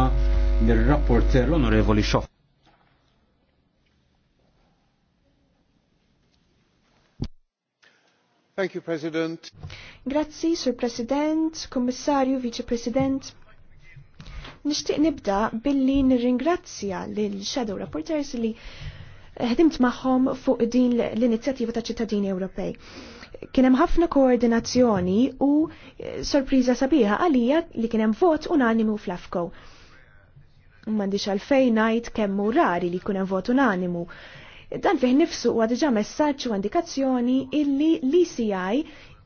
kelma lir-rapporter l-Onorevoli Xof. Thank you, President. Grazzi, Sur President, Kommissarju, Vice President. Nishtiq nibda billi nirringrazzja lil Shadow Rapporters li ħdimt magħhom fuq din l-inizjattiva ta' ċittadini Ewropej. Kien hemm ħafna koordinazzjoni u sorpriża sabiħa għalija li kien hemm vot unanimu fl afko M'għandix għalfejn ngħid kemm hu rari li jkun hemm vot unanimu. Dan fih nifsu huwa diġà messaġġ u indikazzjoni illi l-ECI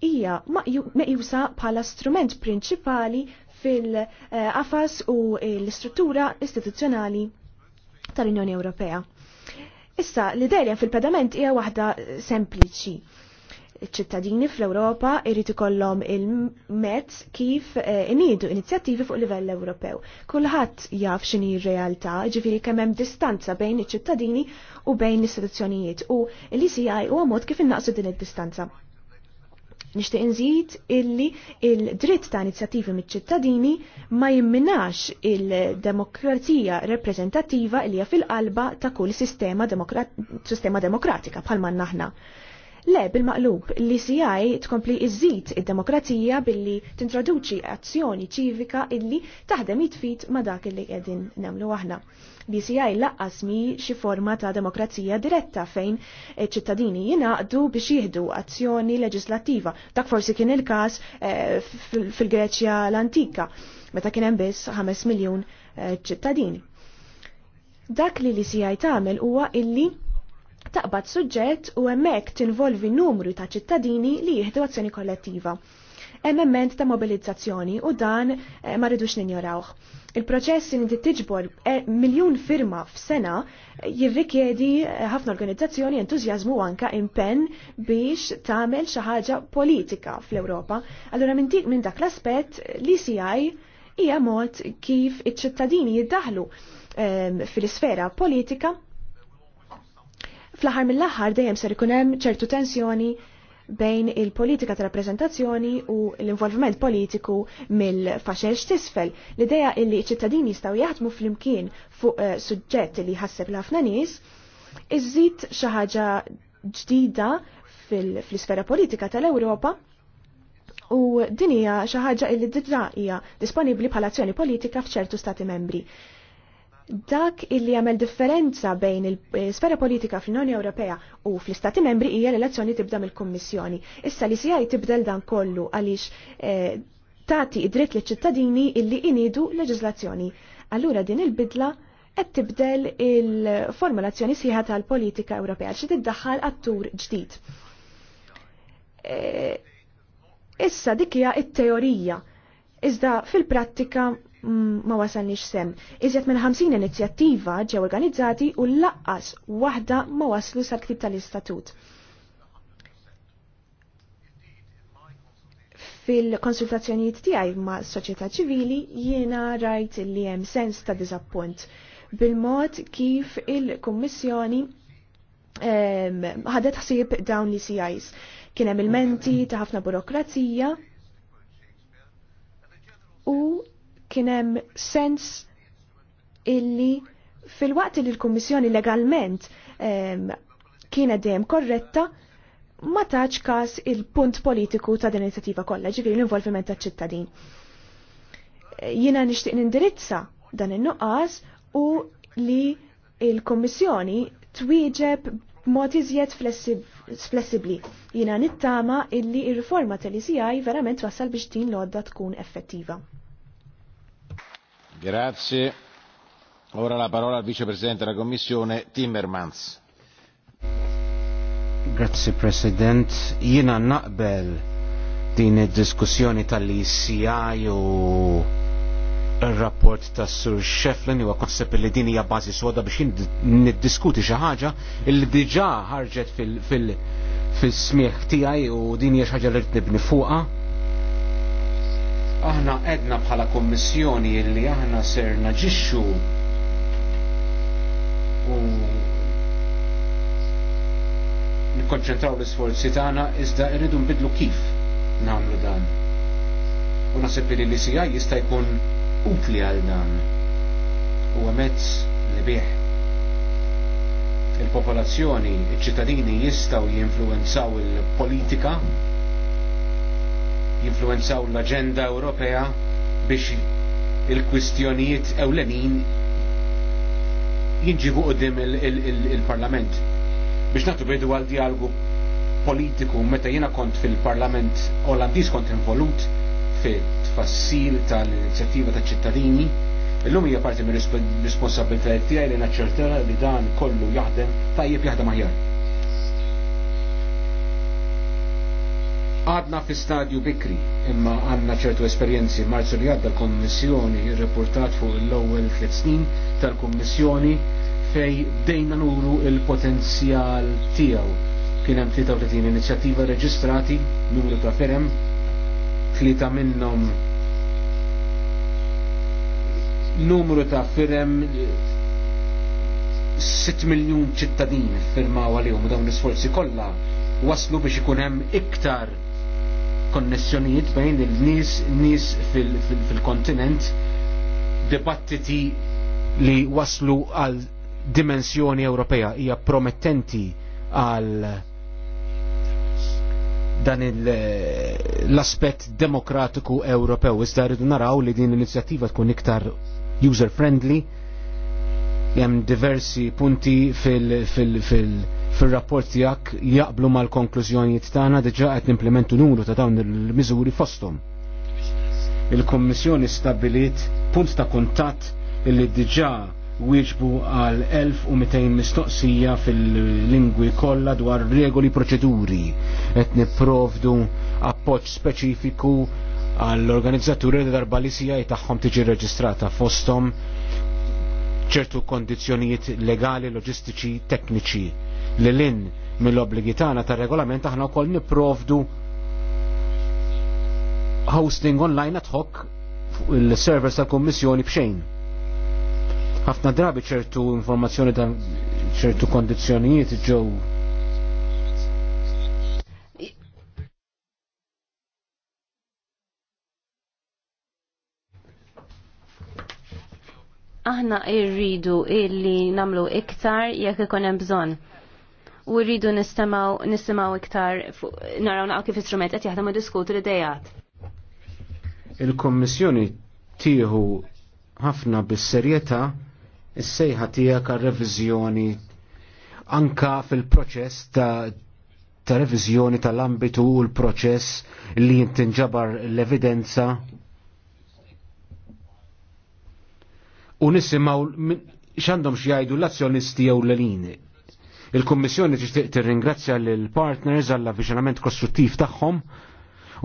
hija meqjusa bħala strument prinċipali fil afas u l-istruttura istituzzjonali tal-Unjoni Ewropea. Issa, l-ideja fil-pedament hija waħda sempliċi ċittadini fl-Ewropa irrid ikollhom il-mezz kif eh, inidu inizjattivi fuq livell Ewropew. Kulħadd jaf x'inhi r-realtà, ġifieri kemm hemm distanza bejn iċ-ċittadini u bejn l-istituzzjonijiet u l-ICI huwa mod kif innaqsu din id-distanza. Nixtieq inżid illi il-dritt ta' inizjattivi miċ-ċittadini ma jimminax il-demokrazija repreżentattiva li hija fil-qalba ta' kull sistema, sistema demokratika bħal naħna. Le, bil-maqlub, l-ICI tkompli iżid id-demokrazija billi tintroduċi azzjoni ċivika illi taħdem jitfit ma dak illi qegħdin nagħmlu aħna. L-ICI laqqas mi xi forma ta' demokrazija diretta fejn ċittadini jingħaqdu biex jieħdu azzjoni leġislattiva. Dak forsi kien il-każ eh, fil-Greċja l-antika, meta kien hemm biss 5 miljun eh, ċittadini. Dak li l-ICI tagħmel huwa illi taqbad suġġett u hemmhekk tinvolvi numru ta' ċittadini li jieħdu azzjoni kollettiva. Hemm emment ta' mobilizzazzjoni u dan eh, ma rridux ninjorawh. Il-proċess li tiġbor eh, miljun firma f'sena eh, jirrikjedi ħafna organizzazzjoni entużjażmu anka impenn biex tagħmel xi ħaġa politika fl-Ewropa. Allura minn dik minn dak l-aspett li eci hija mod kif iċ-ċittadini jiddaħlu fil-sfera politika fl-aħħar mill-aħħar dejjem ser ikun hemm ċertu tensjoni bejn il-politika ta' rappresentazzjoni u l-involviment politiku mill x tisfel. L-ideja illi ċittadini jistgħu jaħdmu fl-imkien fuq uh, suġġett li jħasseb l-ħafna nies iżżid xi ħaġa ġdida fl-isfera politika tal-Ewropa u din hija xi ħaġa li diġà hija disponibbli bħala azzjoni politika f'ċertu stati membri dak illi għamel differenza bejn il-sfera politika fl-Unjoni Ewropea u fl-Istati membri hija l-elezzjoni tibda mill-Kummissjoni. Issa li CI tibdel dan kollu għaliex eh, tati id-dritt li ċittadini illi inidu leġislazzjoni. Allura din il-bidla qed tibdel il-formulazzjoni sieħa tal-politika Ewropea xi tiddaħħal attur ġdid. Eh, issa dik hija t-teorija. Iżda fil-prattika Mm, ma wasalniex sem. Iżjed minn 50 inizjattiva ġew organizzati u laqqas waħda ma waslu sal-ktib tal-istatut. Fil-konsultazzjonijiet tiegħi ma' soċjetà ċivili jiena rajt li hemm sens ta' diżappunt bil-mod kif il-Kummissjoni ħadet ħsieb dawn li CIs. Kien hemm il-menti ta' ħafna burokrazija u kienem sens illi fil-waqt li l-Kummissjoni legalment ehm, kienet dejjem korretta ma taċ kas il-punt politiku ta' din l-inizjattiva kollha, ġifieri l-involviment taċ-ċittadin. Jiena nixtieq nindirizza dan in-nuqqas u li il-Kommissjoni twieġeb mod iżjed flessibbli. Jiena nittama illi r riforma tal-ICI verament wassal biex din l-għodda tkun effettiva. Grazie. Ora la parola al vicepresidente della Commissione Timmermans. Grazie President. Jina naqbel din id-diskussjoni tal-ICI u il-rapport ta' Sur Shefflin u konsepp li din hija bażi soda biex niddiskuti xi ħaġa li diġà ħarġet fil-smieħ tiegħi u din hija xi ħaġa li rrid nibni fuqha aħna edna bħala kommissjoni illi aħna ser naġixxu u nikkonċentraw l-isforzi tagħna iżda rridu nbidlu kif nagħmlu dan. U naħseb li l-ICI jista' jkun utli għal dan. U mezz li bih il-popolazzjoni, iċ-ċittadini jistgħu jinfluenzaw il-politika jinfluenzaw l-agenda Ewropea biex il-kwistjonijiet ewlenin jinġibu qudiem il-Parlament. Biex natu bidu għal dialogu politiku meta jiena kont fil-Parlament Olandiż kont involut fit-tfassil tal-inizjattiva ta' ċittadini, illum hija parti mir-responsabilità tiegħi li naċċertera li dan kollu jaħdem tajjeb jaħdem aħjar. Għadna fi stadju bikri, imma għanna ċertu esperienzi marzu li għadda l-Kommissjoni reportat fuq l-ewwel tliet snin tal-Kommissjoni fej dejna nuru il-potenzjal tiegħu. Kien hemm 33 inizjattiva reġistrati, numru ta' ferem, tlieta minnhom numru ta' firem 6 miljun ċittadin firmaw għalihom dawn l-isforzi kollha waslu biex ikun hemm iktar konnessjonijiet bejn il-nies nies fil-kontinent dibattiti li waslu għal dimensjoni Ewropea hija promettenti għal dan eh, l-aspett demokratiku Ewropew. Iżda rridu naraw li din l-inizjattiva tkun iktar user friendly, hemm diversi punti fil-, fil, fil fil-rapport tijak jaqblu mal-konklużjonijiet tagħna diġa qed nimplementu numru ta' dawn il-miżuri fosthom. Il-Kommissjoni stabilit punt ta' kuntatt illi diġa wieġbu għal 1200 mistoqsija fil-lingwi kollha dwar regoli proċeduri qed nipprovdu appoġġ speċifiku għall-organizzaturi li darba li sija tagħhom tiġi reġistrata fosthom ċertu kondizjonijiet legali, loġistiċi, tekniċi li l-in mill-obbligi tagħna tar-regolament aħna wkoll nipprovdu hosting online ad hoc fuq il-servers tal-Kummissjoni b'xejn. Ħafna drabi ċertu informazzjoni ta' ċertu kondizzjonijiet ġew aħna irridu illi namlu iktar jekk ikun hemm bżonn u rridu nistamaw iktar naraw naqgħu kif istrument qed jaħdem u diskutu l-idejat. Il-Kommissjoni tieħu ħafna bis-serjetà is-sejħa tiegħek għar-reviżjoni anka fil-proċess ta' ta' reviżjoni tal-ambitu u l-proċess li jintinġabar l-evidenza u nisimaw xandom xjajdu l-azzjonisti jew l-lini. Il-Kummissjoni tixtieq tirringrazzja lil partners għall avviċinament kostruttiv tagħhom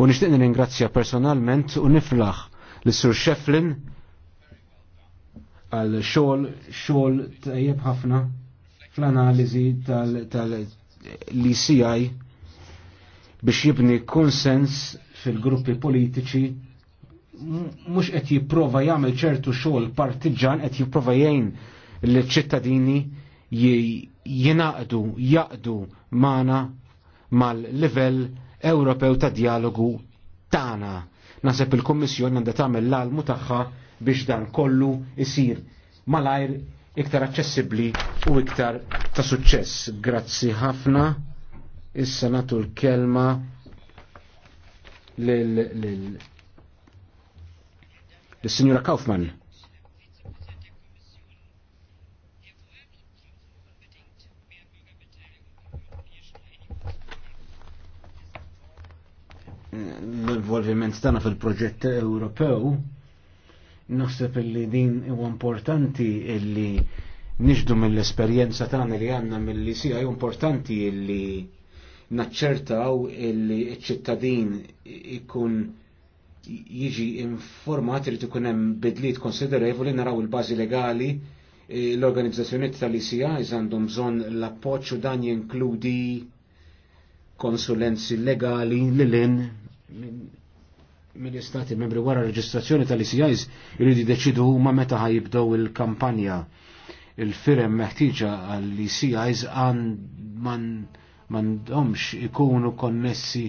u nixtieq nirringrazzja personalment u niflaħ lis sur Shefflin għal xogħol xogħol tajjeb ħafna fl-analiżi tal-ECI biex jibni konsens fil-gruppi politiċi mux qed jipprova jagħmel ċertu xogħol partiġan qed jipprova jgħin liċ-ċittadini jinaqdu, jaqdu mana mal-livell Ewropew ta' dialogu tagħna. Naseb il-Kommissjon għandha tagħmel l-almu tagħha biex dan kollu isir malajr iktar aċċessibbli u iktar ta' suċċess. Grazzi ħafna. Issa natu l-kelma lil, lil, lil, Kaufman. l-involviment tagħna fil-proġett Ewropew, naħseb illi din huwa importanti illi nixdu mill-esperjenza tagħna li għandna mill-li għaj importanti illi naċċertaw illi ċittadin ikun jiġi informat li ikun hemm bidliet konsiderevoli naraw il-bażi legali eh, l-organizzazzjoniet tal iż għandhom bżonn l-appoġġ u dan jinkludi konsulenzi legali l in mill-istati membri wara reġistrazzjoni tal-ICIs irridu deċidu huma meta ħajibdow il-kampanja. Il-firem meħtieġa għall-ICIs għan m'għandhomx ikunu konnessi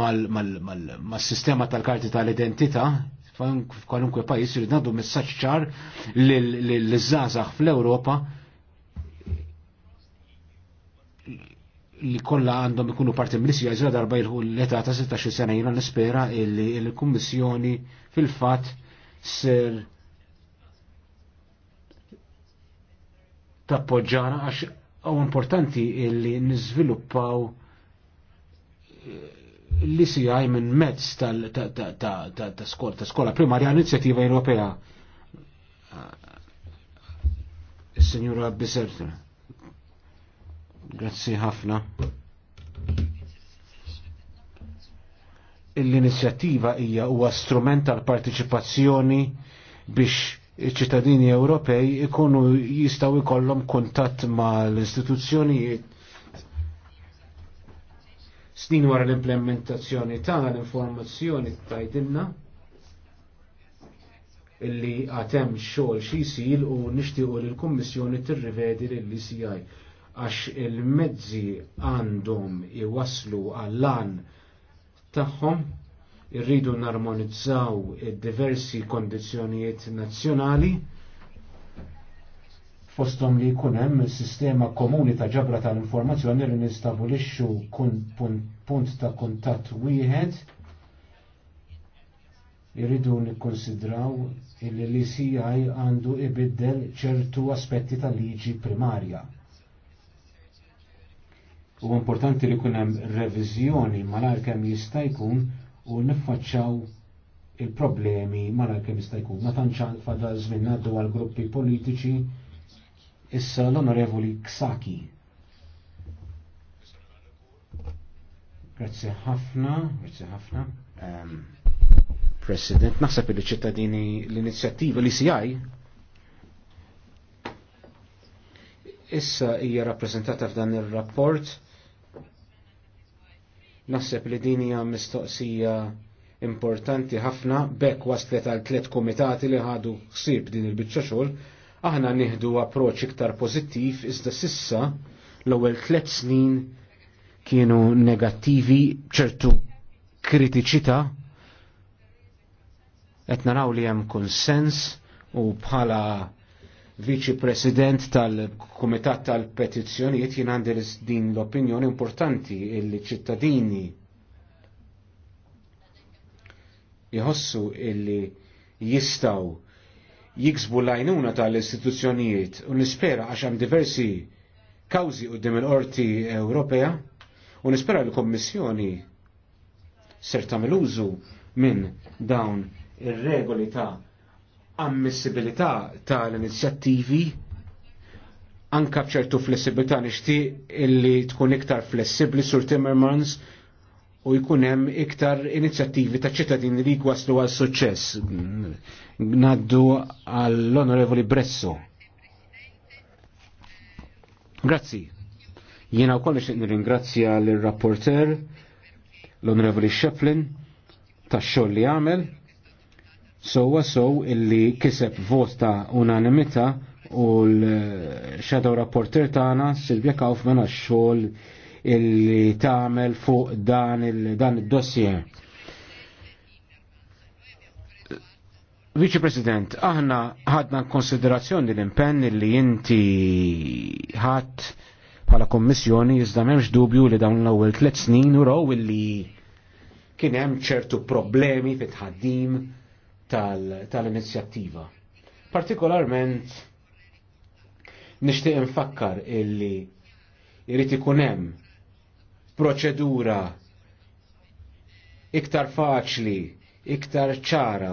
mal-sistema tal-karti tal-identità f'kwalunkwe pajjiż irid nagħdu messaġġ ċar l żgħażagħ fl-Ewropa li kolla għandhom ikunu parti mill-isja iżra darba jilħu l-età ta' 16 sena jina nispera illi l-Kummissjoni fil-fat ser tappoġġana għax għaw importanti illi nizviluppaw eh, l-ICI minn mezz ta' skola primarja inizjattiva Ewropea. Eh, Signora Bisertra. Grazzi ħafna. L-inizjattiva hija huwa strument tal-partiċipazzjoni biex iċ-ċittadini Ewropej ikunu jistaw ikollhom kuntatt ma' l-istituzzjonijiet snin wara l-implementazzjoni ta' l-informazzjoni tajdinna illi għatem xogħol xi jsir u nixtiequ li l-Kummissjoni tirrivedi lill-ICI għax il-mezzi għandhom iwaslu għall-lan tagħhom irridu narmonizzaw id-diversi kondizjonijiet nazzjonali fostom li jkun hemm sistema komuni ta' ġabra tal-informazzjoni li nistabulixxu punt ta' kuntatt wieħed irridu nikkonsidraw il lci għandu ibiddel ċertu aspetti tal-liġi primarja U importanti li kunem revizjoni malar kem jista' jkun u niffaċċaw il-problemi malar kem jista' jkun. Ma tantx fada żmien għaddu għal gruppi politiċi issa l-onorevoli Ksaki. Grazzi ħafna, grazie ħafna. Um, President, naħseb li ċittadini l-inizjattiva li CI issa hija rappreżentata f'dan ir-rapport Naħseb li din hija mistoqsija importanti ħafna bekk waslet għal tliet komitati li ħadu ħsieb din il-biċċa xogħol, aħna nieħdu approċċ iktar pożittiv iżda sissa l-ewwel tliet snin kienu negattivi ċertu kritiċità qed naraw li hemm konsens u bħala viċi president tal-Kumitat tal-Petizzjonijiet jien għandi din l-opinjoni importanti illi ċittadini jħossu illi jistaw jiksbu lajnuna tal-istituzzjonijiet u nispera għax hemm diversi kawzi qudiem il-Qorti Ewropea u nispera l-Kommissjoni ser tagħmel użu minn dawn ir-regoli ta' ammissibilità tal-inizjattivi anka bċertu flessibilità nixtieq illi tkun iktar flessibbli sur Timmermans u jkun hemm iktar inizjattivi ta' ċittadini li jgwaslu għal suċċess. Naddu għall-Onorevoli Bresso. Grazzi. Jiena wkoll nixtieq nirringrazzja l-rapporter l-Onorevoli Shefflin tax-xogħol li għamel sowa sow illi kiseb vot ta' unanimità u l-shadow rapporter tagħna Silvia Kaufman għax-xogħol illi tagħmel fuq dan id-dossier. Vice President, aħna ħadna konsiderazzjoni l-impenn li inti ħadd bħala kommissjoni iżda m'hemmx dubju li dawn l-ewwel tliet snin uraw illi kien hemm ċertu problemi fit-tħaddim tal-inizjattiva. Tal Partikolarment nixtieq infakkar illi irrit ikun hemm proċedura iktar faċli, iktar ċara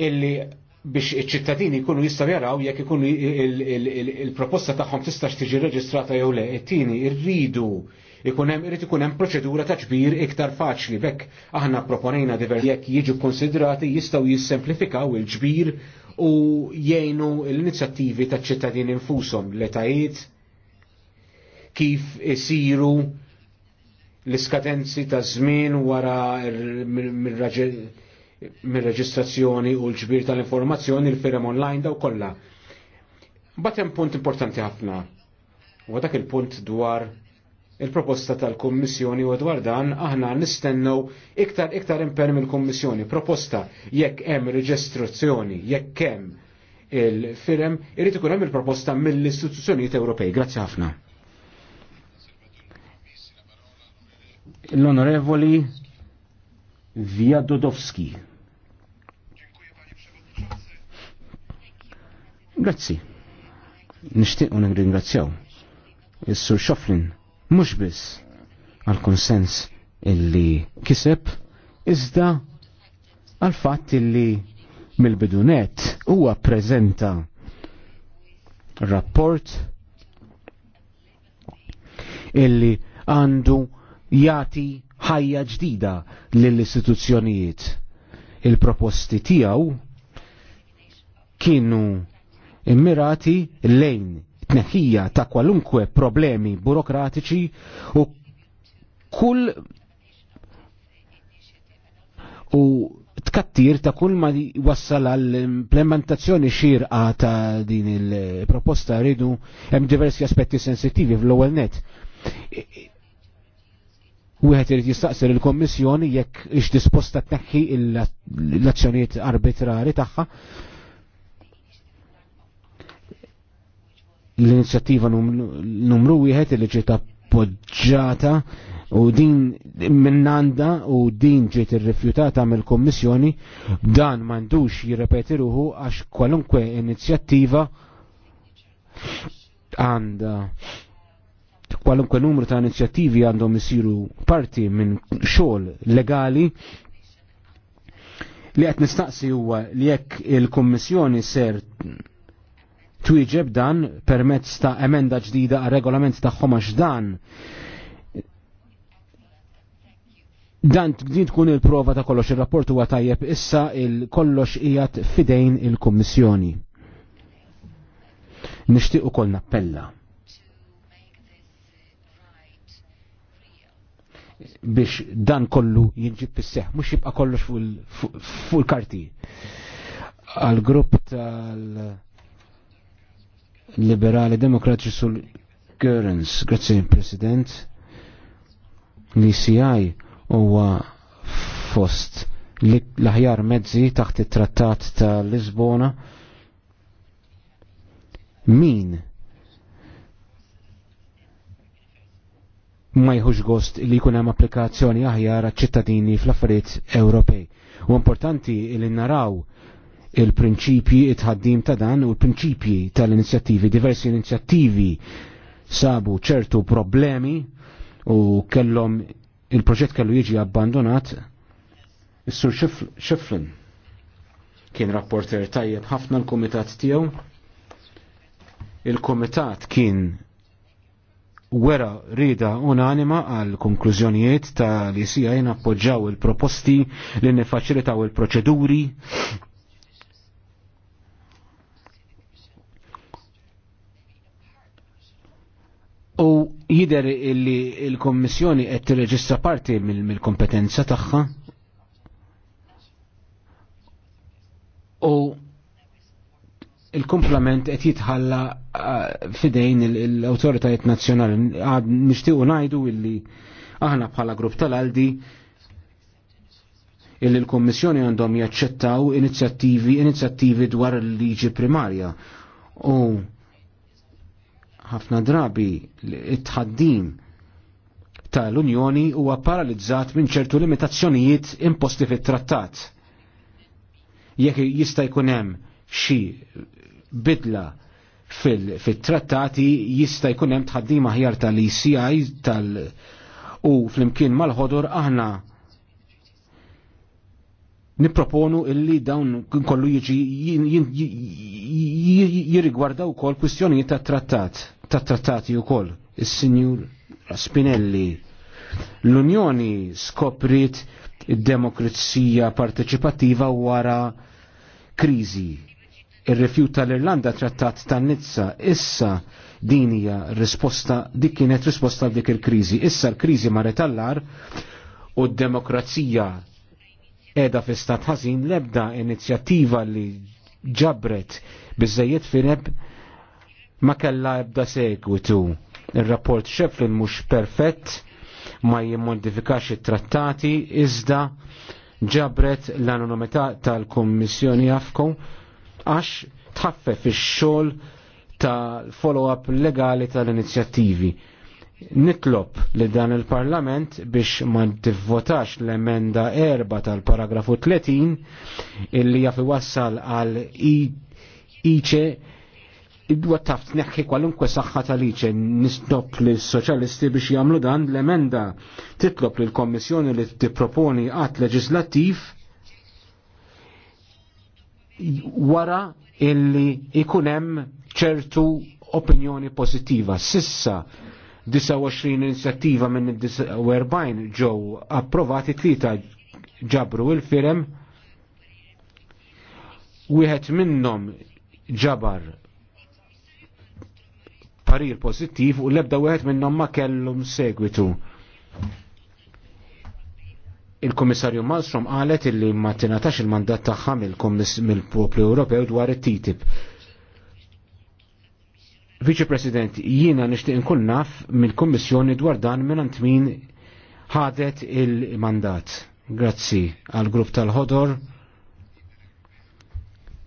illi biex iċ-ċittadini jkunu jistaw jaraw jekk ikunu il-proposta tagħhom tistax tiġi reġistrata jew le. It-tieni irridu ikunem irrit ikunem proċedura ta' ġbir iktar faċli bekk aħna proponejna diversi jekk jiġu konsidrati jistgħu jissemplifikaw il-ġbir u jgħinu l-inizjattivi ta' ċittadin infushom l tajiet kif isiru l-iskadenzi ta' żmien wara mir-reġistrazzjoni u l-ġbir tal-informazzjoni l-firem online daw kollha. Batem punt importanti ħafna. wa dak il-punt dwar il-proposta tal-Kommissjoni u dwar dan aħna nistennew iktar iktar impenn mill-Kommissjoni. Proposta jekk hemm reġistrazzjoni, jekk hemm il-firem, irid ikun hemm il-proposta mill-istituzzjonijiet Ewropej. Grazzi ħafna. L-Onorevoli Via Dodowski. Grazzi. Nishtiq un ringrazzjaw. Is-Sur Xoflin mhux biss għal konsens illi kiseb iżda għal fatt illi mill-bidunet huwa preżenta rapport illi għandu jati ħajja ġdida lill-istituzzjonijiet. Il-proposti tiegħu kienu immirati lejn it-tneħħija ta' kwalunkwe problemi burokratiċi u kull u tkattir ta' kull ma wassal għall-implementazzjoni xirqa ta' din il-proposta rridu hemm diversi aspetti sensittivi fl-ewwel net. Wieħed irid jistaqsir il-Kommissjoni jekk ix disposta tneħħi l-azzjonijiet arbitrari tagħha l-inizjattiva numru wieħed li ġiet appoġġjata u din minnanda u din ġiet irrifjutata mill-Kommissjoni dan m'għandux jirrepeti ruħu għax kwalunkwe inizjattiva għandha kwalunkwe numru ta' inizjattivi għandhom isiru parti minn xogħol legali li qed nistaqsi huwa li jekk il-Kummissjoni ser twieġeb dan permezz ta' emenda ġdida għal regolament tagħhom xomax dan Dan din tkun il-prova ta' kollox ir-rapport huwa tajjeb issa il-kollox qiegħed fidejn il-Kummissjoni. Nixtieq ukoll nappella. biex dan kollu jinġib pisseħ, mux jibqa kollox fuq il-karti. Għal-grupp tal- liberali demokratiċi sul Görens, grazie President, l-ICI huwa fost l-aħjar mezzi taħt it-trattat ta' Lisbona. Min ma jħux gost li jkun hemm applikazzjoni aħjar ċittadini fl-affarijiet Ewropej. U importanti li naraw il-prinċipji it-ħaddim ta' dan u l-prinċipji tal-inizjattivi, diversi inizjattivi sabu ċertu problemi u kellhom il-proġett kellu jiġi abbandonat Is-Sur Xiflin kien rapporter tajjeb ħafna l-kumitat tiegħu. Il-kumitat kien wera rida unanima għal konklużjonijiet tal-ICI appoġġaw il-proposti li nifaċilitaw il-proċeduri U jider illi il-Kommissjoni qed tirreġistra parti mill-kompetenza tagħha. U il-komplement qed jitħalla fidejn l-awtoritajiet nazzjonali. Għad nixtiequ ngħidu illi aħna bħala grupp tal-Aldi illi l-Kommissjoni għandhom jaċċettaw inizjattivi inizjattivi dwar il-liġi primarja. U ħafna drabi it-tħaddim tal-Unjoni huwa paralizzat minn ċertu limitazzjonijiet imposti fit-trattat. Jekk jista' jkun hemm xi bidla fit trattati jista' jkun hemm tħaddim aħjar tal-ECI tal-, -ICI, tal u flimkien mal-ħodur aħna niproponu illi dawn kollu jiġi jirigwardaw kol kwistjonijiet tat-trattat ta' trattati u koll, il-Sinjur Spinelli. L-Unjoni skoprit id-demokrazija parteċipativa wara krizi. Ir-refjut tal-Irlanda trattat ta' Nizza issa din hija risposta dik kienet risposta dik il-kriżi. Issa l-kriżi mar tal-lar u d-demokrazija edha fi stat ħażin lebda inizjattiva li ġabret biżejjed fireb ma kella ebda segwitu. Il-rapport Sheflin mhux perfett ma jimmodifikax it-trattati iżda ġabret l-anonimità tal-Kommissjoni Afko għax tħaffef ix-xogħol tal-follow-up legali tal-inizjattivi. Nitlob li dan il-Parlament biex ma tivvotax l-emenda erba tal-paragrafu 30 illi jaffi wassal għal iċe id-dwa taft neħki kwalunkwe saħħa tal-liċe nistop li soċalisti biex jamlu dan l-emenda titlob li l-Kommissjoni li t-proponi għat leġislattiv wara illi ikunem ċertu opinjoni pozittiva. Sissa 29 inizjattiva minn 49 ġew approvati tlita ġabru il-firem wieħed minnhom ġabar parir pozittiv u l-ebda wieħed minnhom ma kellhom segwitu. Il-Komissarju Malmstrom qalet illi ma tingħatax il-mandat tagħha mill-Poplu Ewropew dwar it-TTIP. Viċi President, jiena nixtieq inkun naf mill-Kummissjoni dwar dan minn min ħadet il-mandat. Grazzi għal grupp tal-ħodor.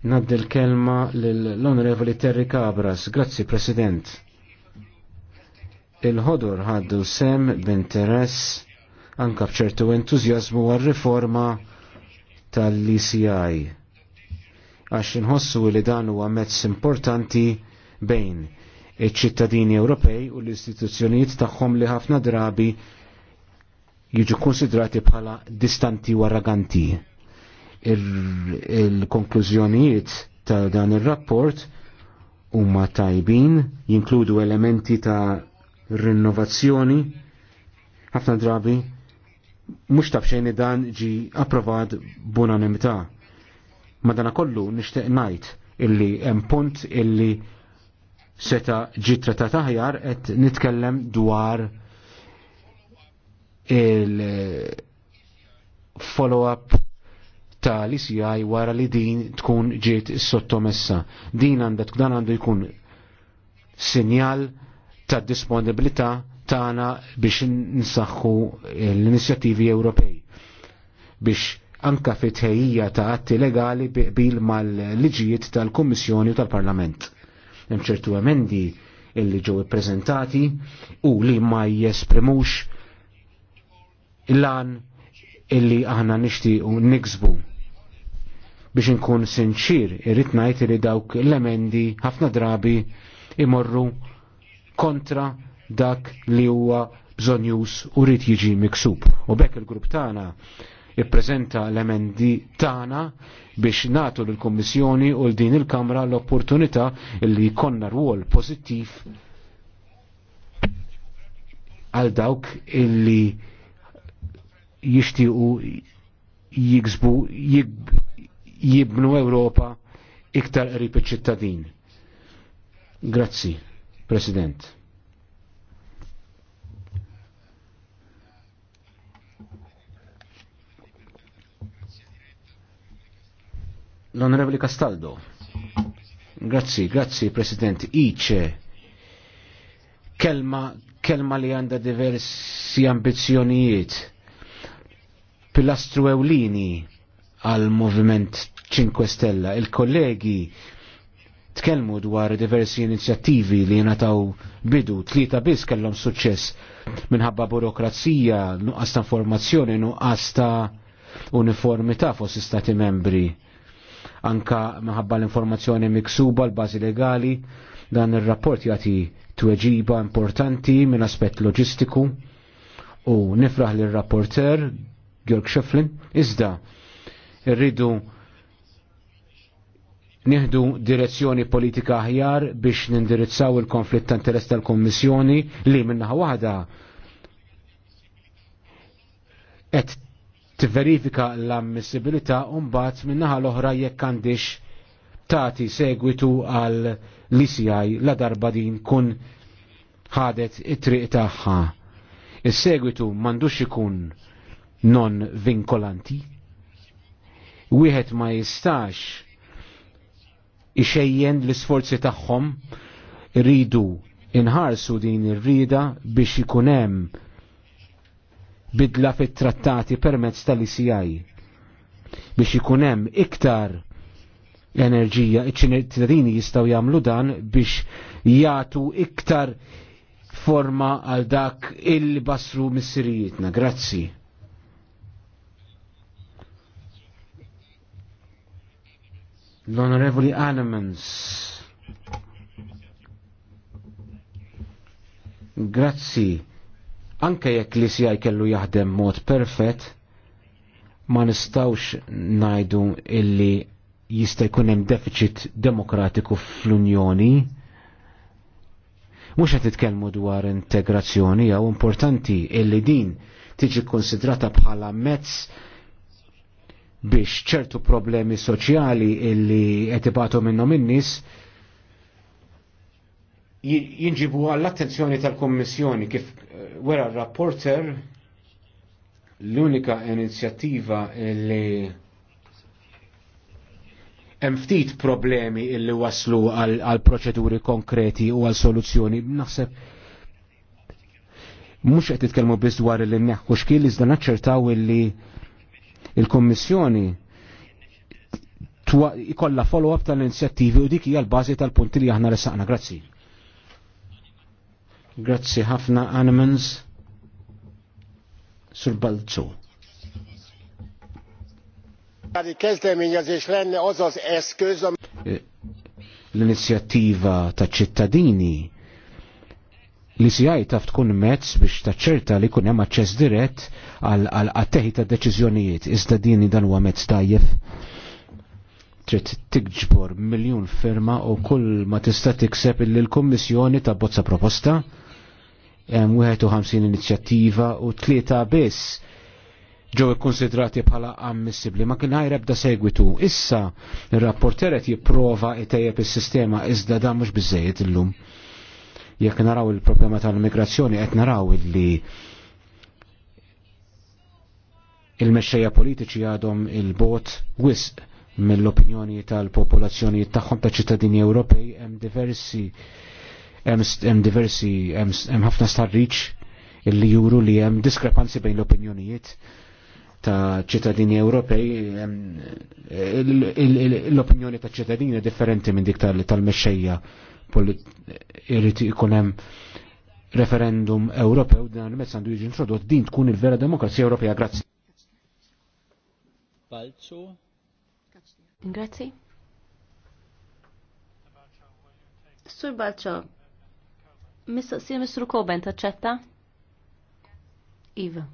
Naddi l-kelma l-Onorevoli Terry Cabras. Grazzi, President. Il-ħodur ħaddu sem b'interess anka bċertu entużjażmu għal-riforma tal-ECI għax inħossu li dan huwa mezz importanti bejn iċ-ċittadini Ewropej u l-istituzzjonijiet tagħhom li ħafna drabi jiġu konsidrati bħala distanti u arraganti. Il-konklużjonijiet ta' dan ir-rapport huma tajbin, jinkludu elementi ta' rinnovazzjoni ħafna drabi mhux tabxejn dan ġi approvat b'unanimità. Madana kollu nixtieq ngħid illi hemm punt illi seta ġi trattat aħjar qed nitkellem dwar il-follow-up ta' l-ICI wara li din tkun ġiet sottomessa. Din għandek dan għandu jkun sinjal tad disponibilità tagħna biex insaħħu l-inizjattivi Ewropej biex anka fitħejja ta' atti legali biqbil mal-liġijiet tal-Kummissjoni u tal-Parlament. Hemm ċertu emendi illi ġew ippreżentati u li ma jesprimux lan illi aħna nixtiequ niksbu biex nkun sinċir irrit ngħid li dawk l-emendi ħafna drabi imorru kontra dak li huwa bżonjus u rrid jiġi miksub. U bekk il-grupp tagħna ippreżenta l-emendi tagħna biex natu lill-Kummissjoni u l din il-Kamra l-opportunità li jkollna rwol pożittiv għal dawk illi jixtiequ jiksbu jibnu Ewropa iktar qrib iċ-ċittadin. Grazzi. President. L-Onorevoli Castaldo. Grazzi, grazzi, President. Iċe. Kelma, kelma li għanda diversi ambizjonijiet. Pilastru ewlini għal movement 5 Stella. Il-kollegi tkellmu dwar diversi inizjattivi li jenataw bidu, tlieta biss kellhom suċċess minħabba burokrazija, nuqqas ta' informazzjoni, nuqqas ta' uniformità fost istati membri. Anka minħabba l-informazzjoni miksuba l-bażi legali, dan ir-rapport jagħti tweġiba importanti minn aspett loġistiku u nifraħ l rapporter Georg Schöflin, iżda irridu nieħdu direzzjoni politika aħjar biex nindirizzaw il-konflitt ta' interess tal-Kommissjoni li minnaħa waħda qed tivverifika l-ammissibilità u mbagħad minnaħa l-oħra jekk għandix tagħti segwitu għal l-ICI la darba din kun ħadet it-triq tagħha. Is-segwitu m'għandux ikun non vinkolanti. Wieħed ma jistax ixejjen l-isforzi tagħhom rridu inħarsu din ir-rida biex ikun hemm bidla fit-trattati permezz tal-ICI biex ikun hemm iktar enerġija, iċ-ċittadini jistgħu jagħmlu dan biex jagħtu iktar forma għal dak il-basru missirijietna. Grazzi. L-Onorevoli Anemans. Grazzi. Anke jekk li sijaj kellu jaħdem mod perfett, ma nistawx najdu illi jista' jkun hemm deficit demokratiku fl-Unjoni. Mhux qed titkellmu dwar integrazzjoni jew importanti illi din tiġi konsidrata bħala mezz biex ċertu problemi soċjali illi etibatu minnom innis jinġibu għall-attenzjoni tal-Kommissjoni kif eh, wera rapporter l-unika inizjattiva illi hemm ftit problemi illi waslu għal proċeduri konkreti u għal soluzzjoni. Naħseb mhux qed titkellmu biss dwar illi neħħu xkien iżda naċċertaw illi il-Kommissjoni ikolla follow-up tal-inizjattivi u dik hija l-bażi tal-punti li aħna ressaqna. Grazzi. Grazzi ħafna Animans sur Balzu. Eh, l-inizjattiva ta' ċittadini li CI taf tkun mezz biex taċċerta li kun hemm aċċess dirett għal għatteħi ta' deċiżjonijiet iżda dini dan huwa mezz tajjeb. Trid tikġbor miljun firma u kull ma tista' tikseb illi l-Kummissjoni ta' bozza proposta hemm 51 inizjattiva u tlieta biss ġew ikkonsidrati bħala ammissibbli ma kien ħajreb segwitu. Issa r rapporter qed jipprova jtejjeb is-sistema iżda dan mhux biżejjed illum jekk naraw il-problema tal-migrazzjoni qed naraw li il-mexxejja politiċi għadhom il-bot wisq mill-opinjoni tal-popolazzjoni tagħhom ta' ċittadini Ewropej hemm diversi hemm diversi hemm ħafna starriċ illi juru li hemm diskrepanzi bejn l-opinjonijiet ta' ċittadini Ewropej l-opinjoni ta' ċittadini differenti minn dik tal-mexxejja irrit ikunem referendum Ewropew dan il-mezz għandu jiġi introdott din tkun il-vera demokrazija Ewropea. Grazzi. Balzu. Grazzi. Sur Balċo, Mistaqsija Mistru Koben taċċetta? Iva.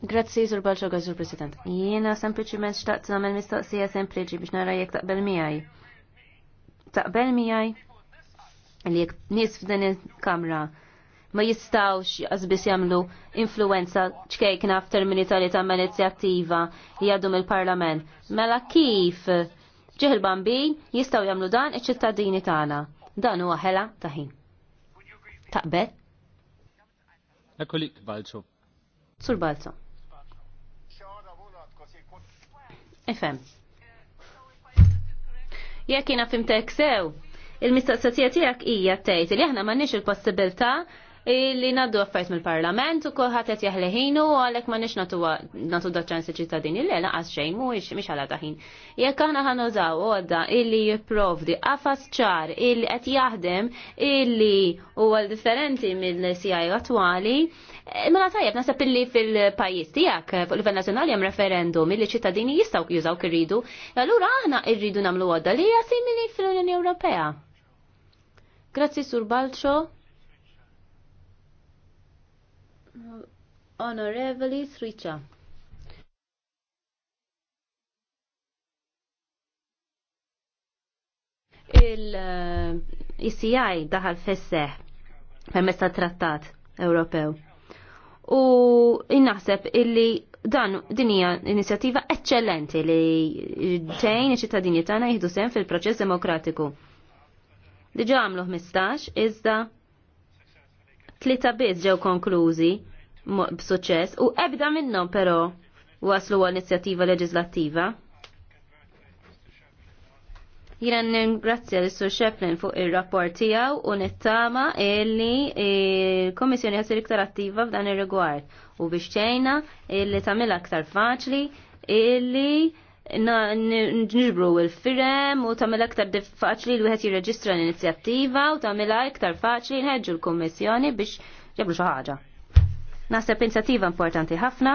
Grazzi, Sur Balċoga, Sur President. Jiena sempliciment xtaqt namel mistoqsija sempliċi biex nara jek taqbel miħaj. Taqbel miħaj li jek nis f'din il-kamra ma jistawx għazbis jamlu influenza ċkejkna f'termini ta' tagħmel inizjattiva li għadhom il-parlament. Mela kif ġeħ il-bambin jistaw jamlu dan iċ-ċittadini tagħna. Dan huwa ħela taħin. Taqbel? Ekkolik Balzo. Sur Balzo. FM. Jekk jiena fimtek sew, il-mistaqsija tiegħek hija tgħid li aħna m'għandniex il-possibilità li naddu affert mill-parlament u kolħat qed jaħleħinu u għalhekk ma nix natu daċċans ċittadini li laqas xejn mhuwiex mhix għala taħin. Jekk aħna ħanużaw għodda illi jipprovdi qafas ċar illi qed jaħdem illi huwa differenti mill cia attwali, eh, Mela tajjeb nasab illi fil-pajjiż tiegħek fuq livell Nazjonali hemm referendum illi ċittadini jistgħu jużaw kirridu. E allura aħna rridu nagħmlu għodda li hija fil unjoni Ewropea. Grazzi Sur Balċo. Onorevoli Sriċa. Il-ICI daħal fesseħ permess ta' trattat Ewropew. U innaħseb illi dan din hija inizjattiva eċċellenti li tgħin iċ-ċittadini tagħna jieħdu sehem fil-proċess demokratiku. Diġà għamlu 15 iżda tlita biss ġew konklużi b'suċċess u ebda minnhom però waslu għal inizjattiva leġislattiva. Jiena ningrazzja l-Sur Sheflin fuq il-rapport tijaw u nittama illi il-Komissjoni għasir iktar attiva f'dan il-rigward u biex ċejna illi tamil aktar faċli illi nġibru il-firem u tamil aktar faċli li għet jirreġistra l-inizjattiva u tamil aktar faċli nħedġu l-kommissjoni biex jablu xi ħaġa. Naħseb inizjattiva importanti ħafna.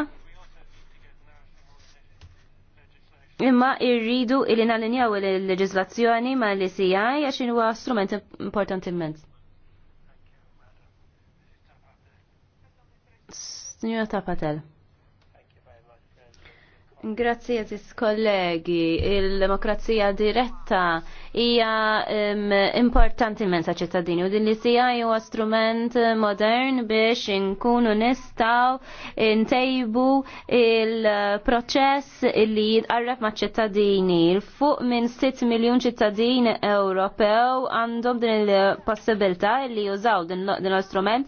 Imma irridu illi nalinjaw il-leġislazzjoni ma l-ICI għax huwa strument importanti immens. Signora Tapatel. Grazzi għaziz kollegi, il-demokrazija diretta hija um, importanti minn sa' ċittadini u din li sija huwa strument modern biex inkunu nistaw ntejbu il-proċess li jitqarraf ma' ċittadini. Fuq minn 6 miljon ċittadini Ewropew għandhom din il-possibilità li jużaw din l-istrument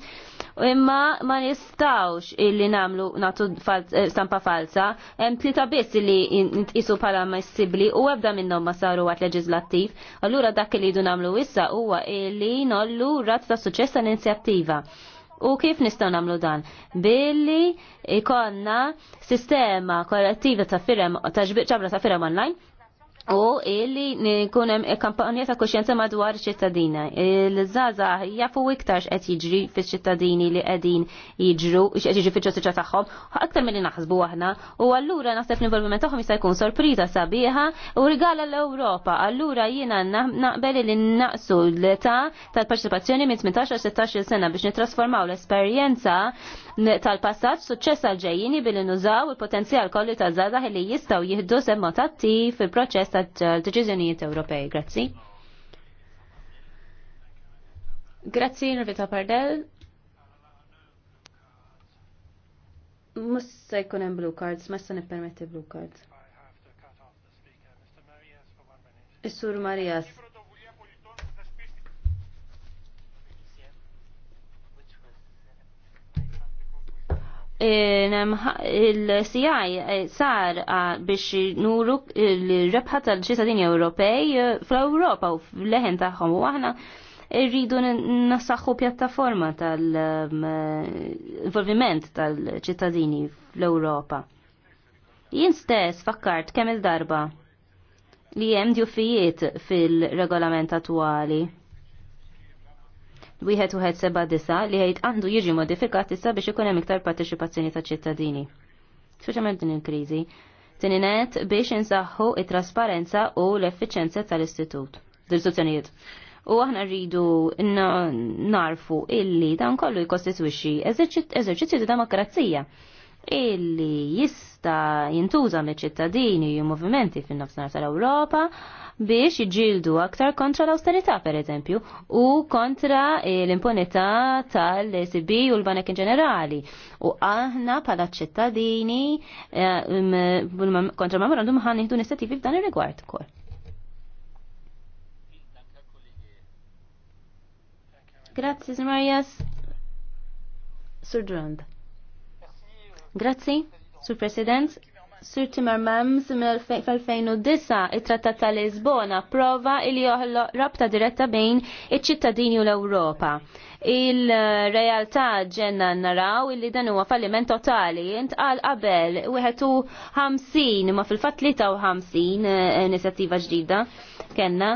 imma ma nistawx illi namlu natu eh, stampa falsa, hemm tlieta biss li nqisu bħala missibbli u ebda minnhom ma saru għat leġislattiv, allura dak li jdu namlu issa huwa illi nollu razz ta' suċċess tal inizjattiva. U kif nistgħu nagħmlu dan? Billi ikonna sistema korrettiva ta' firem ta' ġbir ċabra ta' firem online u illi kunem kampanja ta' kuxjenza madwar ċittadina. Il-żaza jafu iktar x'qed jiġri fiċ ċittadini li qegħdin jiġru qed jiġri fiċ-ċoċċa tagħhom, aktar milli naħsbu aħna. U allura naħseb l-involviment tagħhom jista' jkun sorpriża sabiħa u rigala l-Ewropa. Allura jiena naqbel li naqsu l-età tal-parċipazzjoni minn 18 16 sena biex nitrasformaw l-esperjenza tal passat suċċess għal ġejjini billi nużaw il-potenzjal kollu tal żgħażagħ li jistgħu jieħdu semma tattiv fil-proċess tal-deċiżjonijiet Ewropej. Grazzi. Grazzi, Nervita Pardell. Musa jkun hemm blue cards, ma se nippermetti blue cards. Is-Sur Marias il-CI sar biex nuru l-rebħa tal-ċittadini Ewropej eh, fl-Ewropa u fl-leħen tagħhom u aħna rridu nasaxħu pjattaforma tal-involviment tal-ċittadini fl ewropa Jien stess fakkart kemm il-darba li hemm djuffijiet fil-regolament attuali wieħed u seba' disa li jgħid għandu jiġi modifikat issa biex ikun hemm iktar partecipazzjoni ta' ċittadini. Speċjalment din il-kriżi, tininet biex insaħħu it-trasparenza u l-effiċenza tal-istitut, l U aħna rridu narfu illi dan kollu jkostitwixxi eżerċizzju ta' demokrazija illi jista jintuża me ċittadini u movimenti fin nofsinhar tal-Ewropa biex jġildu aktar kontra l-austerità per eżempju u kontra eh, l-impunità tal sb u l-Banek in ġenerali. U aħna pala ċittadini eh, kontra memorandum ħan nieħdu inizjattivi f'dan ir-rigward ukoll. Grazie, Marias. Surdranda. Grazzi, Sur President. Sur Timmermans fl-2009 it-Trattat ta' Lisbona prova il joħloq rabta diretta bejn iċ-ċittadini u l-Ewropa. Il-realtà ġenna naraw li dan huwa falliment totali. Intqal qabel wieħed u 50 ma fil fat 53 inizjattiva ġdida kenna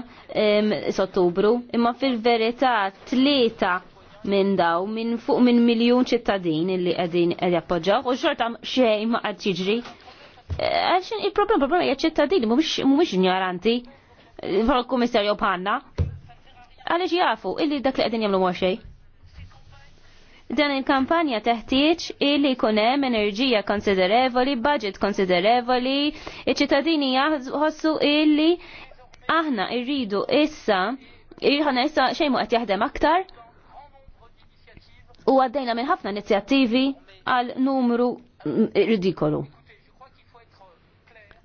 s'Ottubru. imma fil-verità tlieta minn daw minn fuq minn miljun ċittadin li qegħdin jappoġġaw u xorta xejn ma qed jiġri. Eh, Għaxin il-problema problema hija ċittadini mhumiex ignoranti bħal kummissarju bħalna. Għaliex jafu illi dak li qegħdin jamlu ma xejn. Dan il-kampanja teħtieġ illi jkun hemm enerġija konsiderevoli, budget konsiderevoli, iċ-ċittadini jaħossu illi aħna irridu issa irħana issa xejn għet jaħdem aktar u għaddejna minn ħafna inizjattivi għal numru mm, ridikolu.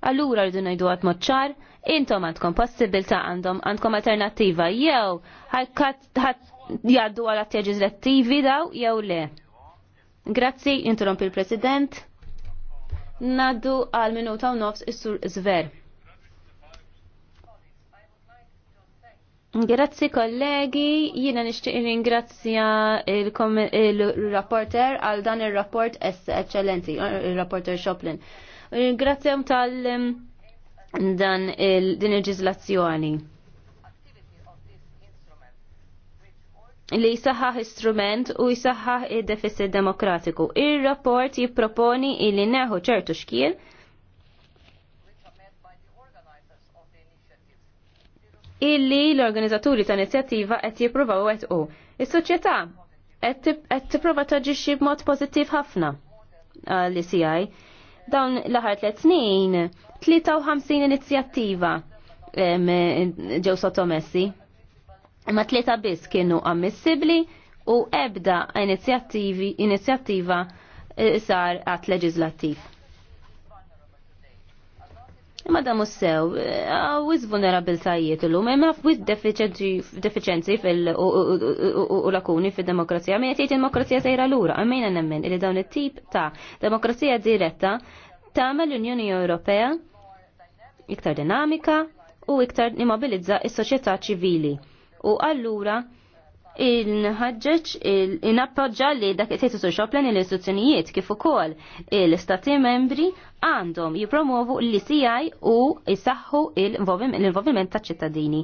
Allura rridu ngħidu għad moċċar, intom għandkom possibilta għandhom għandkom alternattiva jew jgħaddu għal atti leġislattivi daw jew le. Grazzi, interrompi il-President. Naddu għal minuta u nofs is-sur Zver. Grazzi kollegi, jiena nixtieq ringrazzja il-rapporter għal dan ir-rapport eccellenti, il-rapporter Shoplin. għum tal dan din il-ġizlazzjoni. li jisaħħaħ istrument u jisaħħaħ id-deficit demokratiku. Ir-rapport jipproponi li neħu ċertu xkiel illi l-organizzaturi ta' inizjattiva qed jippruvaw wettqu. Is-soċjetà qed tipprova taġixxi b'mod pożittiv ħafna uh, li CI. Dawn l-aħħar tliet snin 53 inizjattiva ġew sottomessi. Ma tlieta biss kienu ammissibbli u ebda inizjattiva eh, sar għat leġislattiv. Imma da mussew, għawiz eh, ah, vulnerabiltajiet l-lum, imma f'wid deficienzi u lakuni fil-demokrazija, għamina tiet demokrazija sejra l-ura, għamina nemmen il dawn it-tip ta' demokrazija diretta tagħmel l-Unjoni Ewropea iktar dinamika u iktar immobilizza is-soċjetà ċivili. U allura il-ħagġeġ il-inappoġġa li dak it-tejtu sur xoplen il-istituzzjonijiet kif ukoll il-stati membri għandhom jipromovu l-ICI u jisaxħu l-involviment ta' ċittadini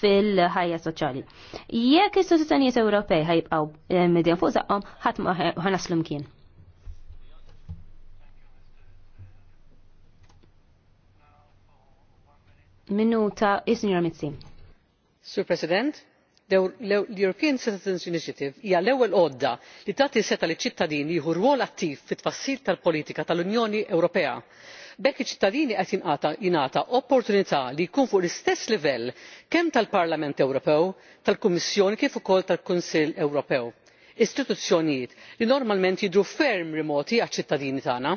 fil-ħajja soċjali. Jekk istituzzjonijiet Ewropej ħajbqaw eh, medjan fuq saqhom ħadd ma ħanaslu Minuta is-Sinjor Mizzi. Sur President, l-european citizens' initiative hija l-ewwel għodda li tagħti seta' liċ-ċittadini jieħu rwol attiv fit-tfassil tal-politika tal-unjoni ewropea. b'hekk iċ-ċittadini qed jingħata opportunità li jkun fuq l-istess livell kemm tal-parlament ewropew tal-kummissjoni kif ukoll tal-kunsill ewropew istituzzjonijiet li normalment jidhru ferm rimoti għaċ-ċittadini tagħna.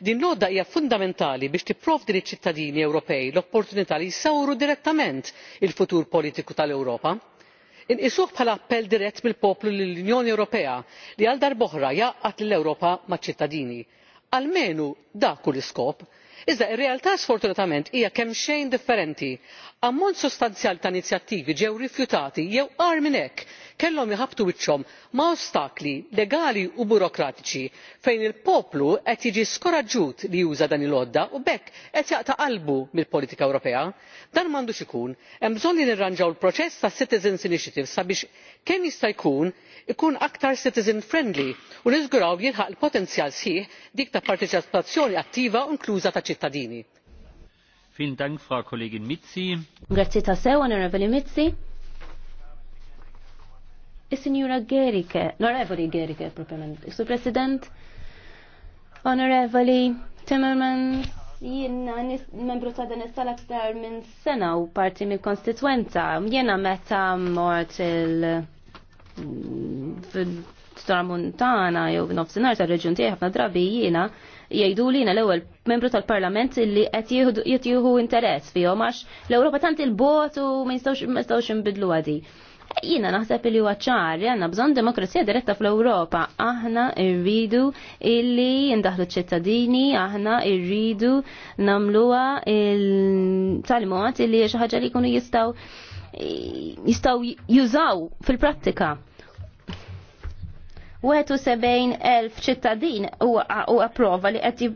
din l-għodda hija fundamentali biex tipprovdi liċ-ċittadini ewropej l-opportunità li jsawru direttament il futur politiku tal ewropa inqisuh bħala appell dirett mill poplu lill-unjoni ewropea li għal darba oħra jgħaqqad lill ewropa maċ-ċittadini. almenu dak hu l-iskop iżda r-realtà sfortunatament hija kemmxejn differenti ammont sostanzjali ta' inizjattivi ġew rifjutati jew agħar minn hekk kellhom iħabbtu wiċċhom ma' ostakli legali u burokratiċi fejn il poplu qed jiġi skoraġġut li juża dan il għodda u b'hekk qed jaqta' qalbu mill politika ewropea. dan m'għandux ikun hemm bżonn li nirranġaw il proċess ta' citizens' initiative sabiex kemm jista' jkun ikun aktar citizen friendly u niżguraw jilħaq il potenzjal sħiħ dik ta' parteċipazzjoni attiva u inkluża taċ ċittadini. Grazzi sew, Onorevoli Mizzi. Is-Sinjura Gerike, l-Onorevoli Gerike, propjament, Sur President, Onorevoli Timmermans, jiena membru ta' dan is-sala aktar minn sena u parti minn konstituenza. Jiena meta mort il tramuntana jew nofsinhar ta' reġjun tiegħi ħafna drabi jiena jgħidu li l-ewwel membru tal-Parlament li qed jieħu interess fihom għax l-Ewropa tant il-bot u ma jistgħux inbidlu għadi. Jiena naħseb li huwa ċar għandna bżonn demokrazija diretta fl-Ewropa. Aħna rridu illi ndaħlu ċittadini, aħna rridu nagħmluha tal-mod illi xi ħaġa li jkunu jistgħu jistgħu jużaw fil-prattika. sebejn elf ċittadin u approva li qed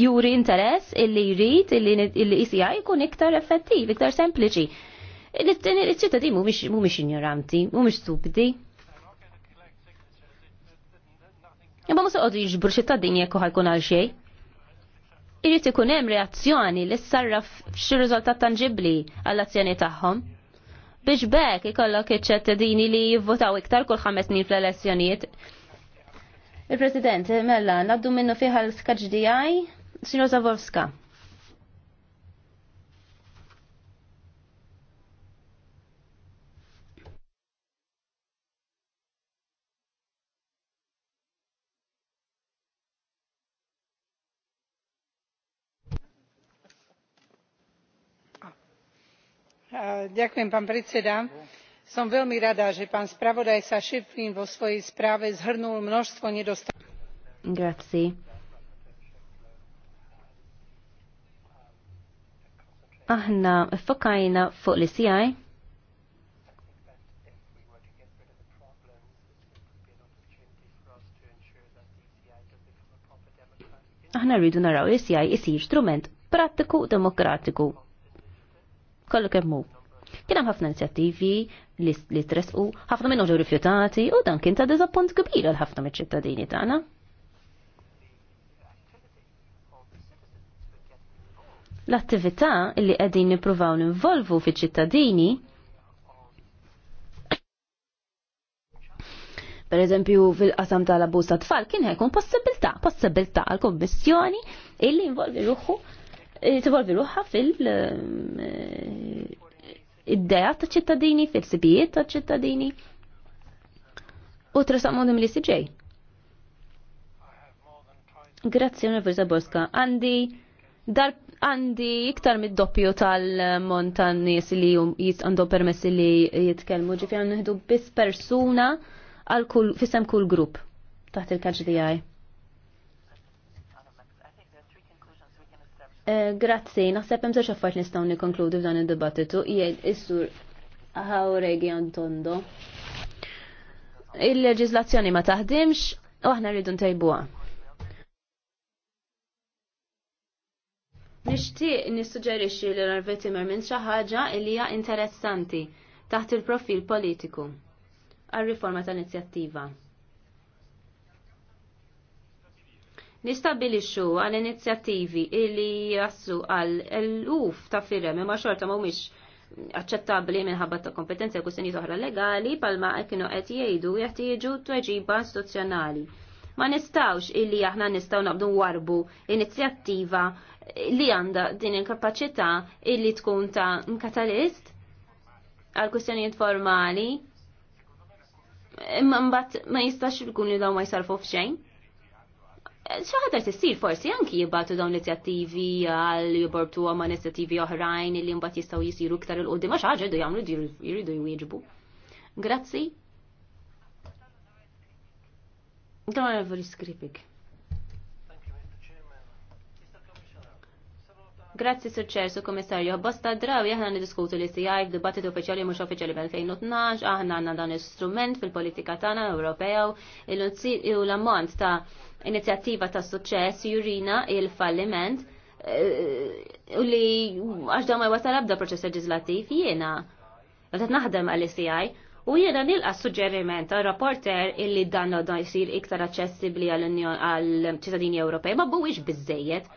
juri interess illi jrid illi ICI e jkun iktar effettiv, iktar sempliċi il-ċittadin mhumiex ignoranti, mhumiex stupidi. Imma ma soqgħodu jiġbru ċittadin jekk ħajkun għal xejn. Irid ikun hemm reazzjoni li sarraf xi riżultat tanġibbli għall-azzjoni tagħhom biex bekk ikollok iċ-ċittadini li jivvotaw iktar kull ħames snin fl-elezzjonijiet. Il-President, mella, naddu minnu fiħal l-skaġdijaj, Sino Zavorska. Som veľmi rada, že pán spravodajca schpflin vo svojej správe zhrnul množstvo nedostatkov. aħna fokajna fuq li CI. Aħna rridu naraw li CI isir strument prattiku demokratiku kollu kemmu. Kien hemm ħafna inizjattivi li tresqu, ħafna minnhom ġew rifjutati u dan kien ta' diżappunt kbir għal ħafna miċ-ċittadini tagħna. L-attività li qegħdin nippruvaw ninvolvu fiċ-ċittadini per eżempju fil-qasam tal-abbuż tat tfal kien hekk possibilità, possibilità għal kommissjoni illi involvi ruħu tivolvi ruħa fil- eh, id ta' ċittadini, fil-sibijiet ta' ċittadini u trasa' modu mill siġej. Grazzi, Universa Boska. Għandi dar għandi iktar mid-doppju tal-montan nies li għandhom permessi li jitkellmu ġifjan nħidu bis persuna għal kull fissem kull grupp taħt il kaġdijaj di Eh, grazzi, naħseb hemm żewġ affarijiet nistgħu nikkonkludi f'dan id-dibattitu jgħid is-sur Hawregi Antondo. Il-leġiżlazzjoni ma taħdimx u aħna rridu ntejbuha. Nixtieq nissuġġerixxi li l-Arvet minn xi ħaġa li hija interessanti taħt il-profil politiku għal-riforma tal-inizjattiva. nistabilixxu għal inizjattivi li jassu għal l-uf ta' firrem, imma xorta mhumiex aċċettabbli minħabba ta' kompetenza kustjoni oħra legali palma kienu qed jgħidu jeħtieġu tweġiba istituzzjonali. Ma nistawx illi aħna nistaw nabdu warbu inizjattiva li għanda din il kapaċità illi tkun ta' katalist għal kustjonijiet formali imma mbagħad ma jistax ikun li daw ma jsarfu f'xejn t-sir forsi anki jibbatu dawn inizjattivi għal jibortu għam inizjattivi oħrajn li jimbat jistaw jisiru ktar l qoddim għax ħagġa jiddu jgħamlu jiridu jwieġbu. Grazzi. Dawn għal skripik. Grazzi Sir Chair, Su Komissarju, bosta drawi aħna nidiskutu li CI f'dibattit uffiċjali mhux uffiċjali b'2012, aħna għandna dan l-istrument fil-politika tagħna Ewropew u l-ammont ta' inizjattiva ta' suċċess jurina il-falliment u eh, li għax dawn ma jwasal abda proċess leġislattiv jiena qed naħdem għal ICI u jiena nilqa suġġeriment għal rapporter illi dan għadna jsir iktar aċċessibbli għall ċittadini Ewropej ma bhuwiex bizzejiet.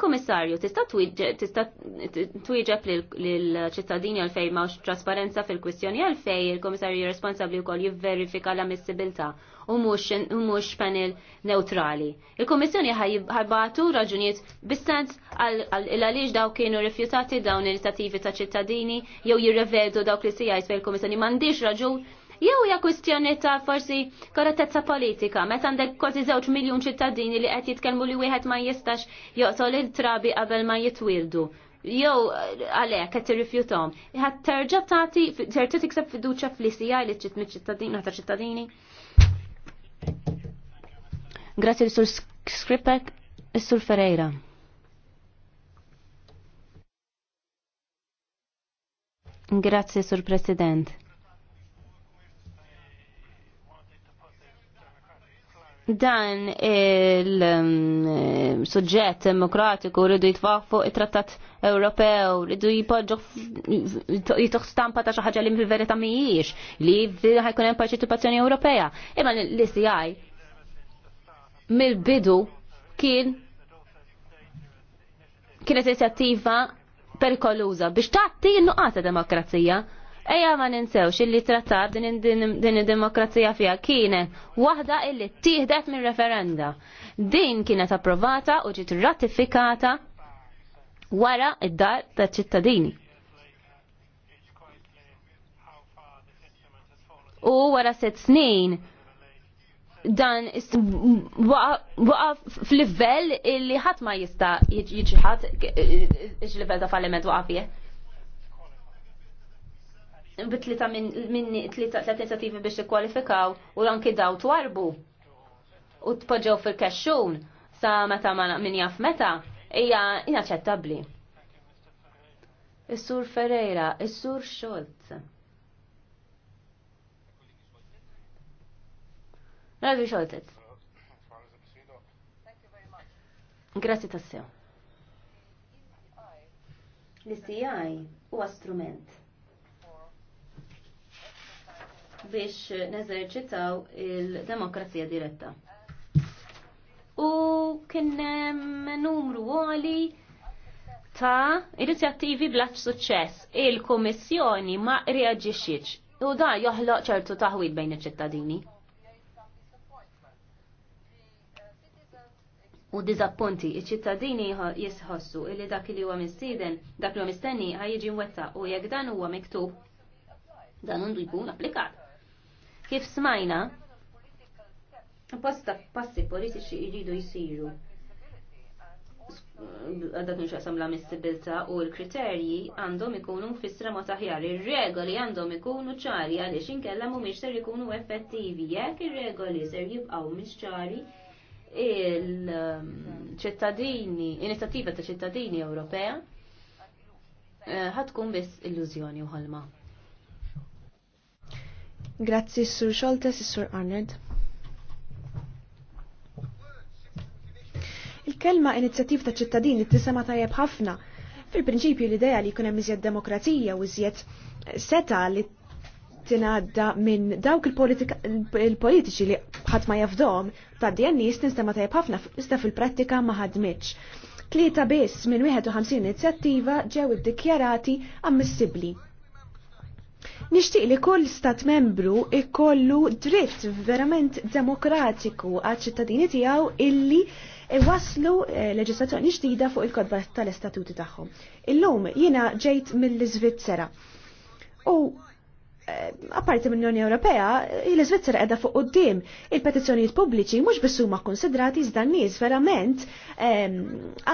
Komissarju, tista' twieġeb lill-ċittadini għalfej ma' trasparenza fil-kwistjoni għalfej il-komissarju responsabli wkoll jivverifika l-ammissibilità u mhux panel neutrali. Il-Komissjoni ħajbatu raġunijiet bis-sens għaliex daw kienu rifjutati dawn l-inizjattivi ta' ċittadini jew jirrevedu dawk li sijajt fej il-Komissjoni m'għandix raġun jew hija kwistjoni ta' forsi korrettezza politika meta għandek kważi żewġ miljun ċittadini li qed jitkellmu li wieħed ma jistax joqtol il-trabi qabel ma jitwildu. Jew eh, għalhekk qed tirrifjutom. Ħadd terġa' tagħti terġa' tikseb fiduċja fl li ċitt miċ ċittadini ta' ċittadini. Grazzi sur Skripek, sur Ferreira. Grazzi sur President. dan il um, sujġet demokratiku rridu jitfaq fuq it-trattat Ewropew, rridu jipoġġu jitoħ stampa ta' xaħġa ħaġa li fil-verità mhijiex li ħajkun hemm parċitipazzjoni Ewropea. Imma l-ICI mill-bidu kien kienet inizjattiva perikoluża biex tagħti n ta' demokrazija. Eja ma ninsewx illi trattat din id-demokrazija fija kienet waħda illi tieħdet minn referenda. Din kienet approvata u ġiet ratifikata wara id-dar ta' ċittadini. U wara set snin dan waqaf fl-livell illi ħadd ma jista' jiġi ħadd eh, eh, livell ta' falliment waqaf fih bitlita minni tlita inizjattivi biex ikkwalifikaw u anki daw twarbu u tpoġġew fil-kaxxun sa meta ma min jaf meta hija inaċċettabbli. Is-Sur Ferreira, is-Sur Scholz. Ravi Scholz. Grazzi tassew. L-ICI huwa strument biex neżerċitaw il-demokrazija diretta. U kienem numru għali ta' inizjattivi blaċ suċċess. Il-Komissjoni ma reagġiċiċ u da joħloq ċertu taħwid bejn iċ-ċittadini. u dizappunti iċ-ċittadini jisħossu illi dak li huwa mistieden, dak li huwa mistenni ħajjiġi mwettaq u jekk dan huwa miktub dan għandu jkun applikat. Kif smajna, posta passi politiċi jridu jisiru għadak nxaqsam la missibilta u l-kriterji għandhom ikunu fissra ma taħjar. Il-regoli għandhom ikunu ċari għaliex mu miex ser ikunu effettivi. Jekk il-regoli ser jibqaw miex ċari, il-ċittadini, inizjattiva ta' ċittadini Ewropea eh, ħatkun biss illużjoni u ħolma. Grazzi Sur Scholtes, Sur Arnold. Il-kelma inizjattiv ta' ċittadini tisema tajjeb ħafna. Fil-prinċipju l-ideja li jkun hemm iżjed demokrazija u iżjed seta li tinadda minn dawk il-politiċi li ħadd ma jafdom ta' DNIs nistema tajjeb ħafna iżda fil-prattika ma ħadmitx. Tlieta biss minn 51 inizjattiva ġew iddikjarati ammissibbli. Nixtieq li kull stat membru ikollu dritt verament demokratiku għad ċittadini tiegħu illi waslu eh, leġislazzjoni ġdida fuq il-kodba tal-estatuti tagħhom. Illum jiena ġejt mill-Iżvizzera. U eh, apparti mill-Unjoni Ewropea, l-Iżvizzera qiegħda fuq quddiem. Il-petizzjonijiet pubbliċi mhux biss huma konsidrati iżda nies verament eh,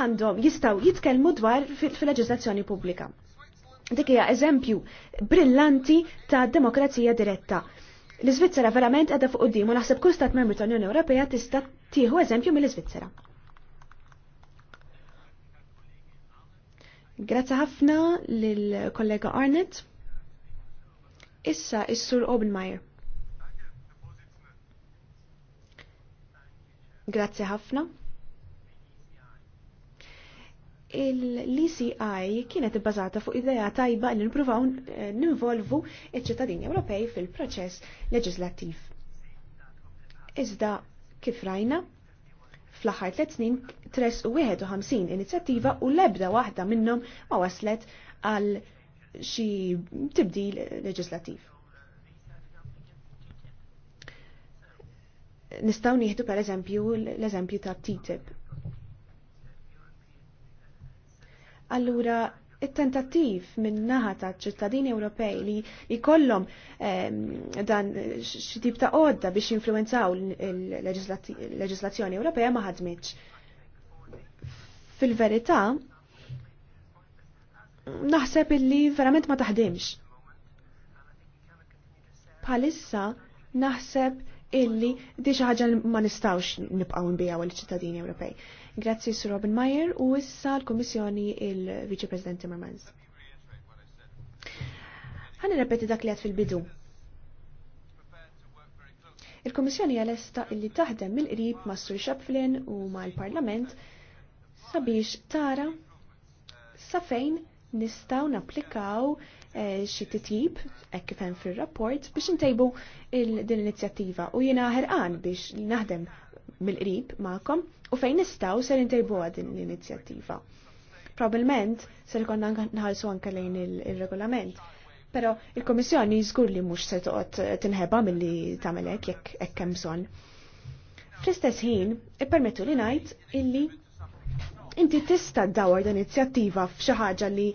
għandhom jistgħu jitkellmu dwar fil-leġislazzjoni pubblika. Dik hija eżempju brillanti ta' demokrazija diretta. L-Iżvizzera verament għadda fuq qudiem u naħseb kull stat membru tal-Unjoni Ewropea tista' tieħu eżempju mill-Iżvizzera. Grazzi ħafna lill-kollega Arnett. Issa is-Sur Obenmeyer. Grazzi ħafna il-ECI kienet ibbażata fuq idea tajba li nippruvaw eh, ninvolvu iċ-ċittadini Ewropej fil-proċess leġislattiv. Iżda kif rajna, fl-aħħar tliet snin tres u ħamsin inizjattiva u l-ebda waħda minnhom ma waslet għal xi tibdil leġislattiv. Nistgħu nieħdu pereżempju l-eżempju ta' TTIP Allura, il tentattiv minn naħa ta' ċittadini Ewropej li jkollhom ehm, dan xi tip ta' għodda biex jinfluwenzaw il-leġislazzjoni Ewropea ma ħadmitx. Fil-verità, naħseb illi verament ma taħdimx. Bħalissa naħseb illi di xi ħaġa ma nistgħux nibqgħu nbija għal ċittadini Ewropej. Grazzi Sir Robin Meyer u issa l-Kummissjoni il-Viċi President Timmermans. Ħan repeti dak li għed fil-bidu. Il-Kummissjoni għalesta illi taħdem mill-qrib ma' Sur Chaplin u ma' l-Parlament sabiex tara sa fejn nistgħu napplikaw Eh, xi titjib hekk kif hemm fir-rapport biex intejbu din l-inizjattiva u jiena ħerqan biex naħdem mill-qrib magħkom u fejn nistgħu ser intejbuha din l-inizjattiva. Probabilment ser ikonna nħallsu anke lejn il-regolament. Però il-Komissjoni żgur li mhux se toqgħod tinħeba milli tagħmel hekk jekk hekk hemm bżonn. Fl-istess ħin, ippermettu li ngħid illi inti tista' ddawar l inizjattiva f'xi ħaġa li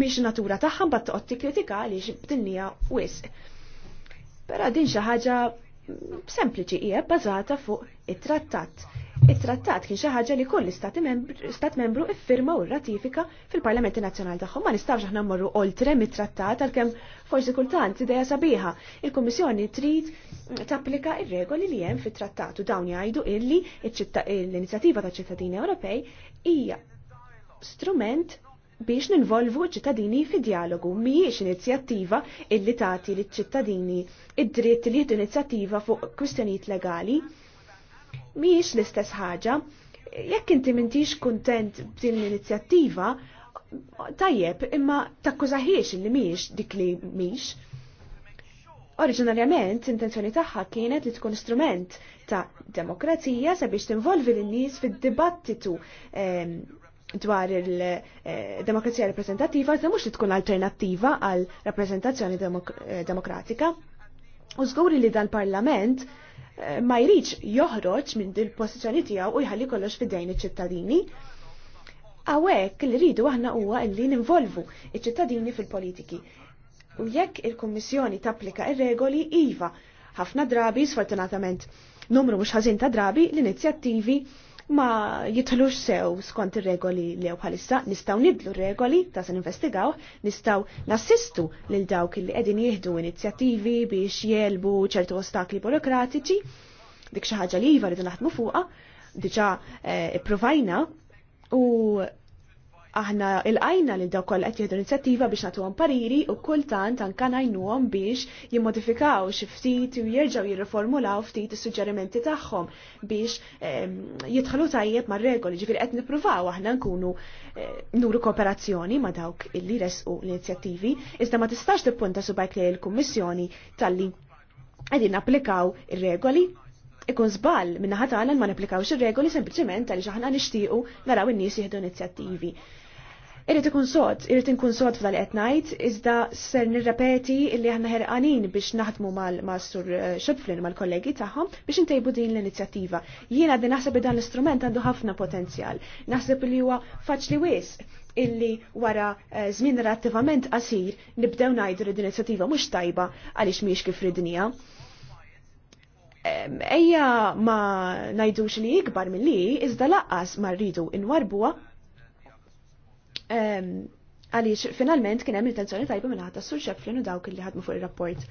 miex natura tagħha mbagħad toqgħod tikkritika għaliex b'dinja wisq. Però din xi ħaġa sempliċi hija bazata fuq it-trattat. It-trattat kien xi ħaġa li kull stat membru iffirma u ratifika fil-Parlamenti Nazzjonali tagħhom. Ma nistgħux aħna mmorru oltrem it-trattat għalkemm forsi kultant ideja sabiħa. Il-Kummissjoni trid tapplika il regoli li hemm fit-trattat u dawn jgħidu illi l inizjativa taċ-ċittadini Ewropej hija strument biex ninvolvu ċittadini fi dialogu mhijiex inizjattiva illi tagħti liċ-ċittadini id-dritt li jiddu inizjattiva fuq kwistjonijiet legali. Mhijiex l-istess ħaġa. Jekk inti m'intix kuntent b'din l-inizjattiva, tajjeb imma takkużaħiex li mhijiex dik li mhix. Oriġinarjament, intenzjoni tagħha kienet li tkun strument ta' demokrazija sabiex tinvolvi lin nies fid-dibattitu ehm, dwar il-demokrazija eh, rappresentativa, se mux li tkun alternativa għal rappresentazzjoni demok eh, demokratika. U zgur li dan parlament eh, ma jriċ joħroġ minn dil pożizzjoni tiegħu u jħalli kollox fidejn iċ-ċittadini. Għawek li rridu aħna huwa li ninvolvu iċ-ċittadini fil-politiki. U jekk il-Kommissjoni tapplika ir-regoli iva, ħafna drabi sfortunatament numru mhux ħażin ta' drabi l-inizjattivi ma jitħlux sew skont ir-regoli li jew bħalissa, nistgħu nidlu regoli ta' se investigaw, nistgħu nassistu lil dawk li qegħdin jieħdu inizjattivi biex jelbu ċertu ostakli burokratiċi, dik xi ħaġa li iva rridu naħdmu fuqha, diġà eh, ipprovajna u aħna il-għajna li daw koll qed jieħdu inizjattiva biex nagħtuhom pariri u kultant anke ngħinuhom biex jimmodifikaw xi ftit u jerġgħu jirriformulaw ftit is-suġġerimenti tagħhom biex ehm, jidħlu tajjeb mar-regoli, ġifieri qed nippruvaw aħna nkunu eh, nuru kooperazzjoni ma' dawk illi resqu l-inizjattivi, iżda ma tistax tippunta subajk lejn il-Kummissjoni talli qegħdin applikaw ir-regoli ikun żball minna ħatana ma nipplikawx ir-regoli sempliċement għaliex aħna nixtiequ naraw in-nies jieħdu inizjattivi. Irrit ikun sod, irrit inkun sod f'dal qed ngħid, iżda ser nirrepeti illi aħna ħerqanin biex naħdmu mal mastur Xodflin eh, mal-kollegi tagħhom biex intejbu din l-inizjattiva. Jiena din naħseb li dan l-istrument għandu ħafna potenzjal. Naħseb li huwa faċli wis illi wara eh, żmien rattivament qasir nibdew ngħidu li din inizjattiva mhux tajba għaliex mhix kif ridnija. Ejja ma najdux li ikbar mill-li, iżda laqqas ma rridu inwarbuha Ehm, għaliex finalment kien hemm intenzjoni tajba minn ħadd tas-Sur Shefflin u dawk li ħadmu fuq ir-rapport.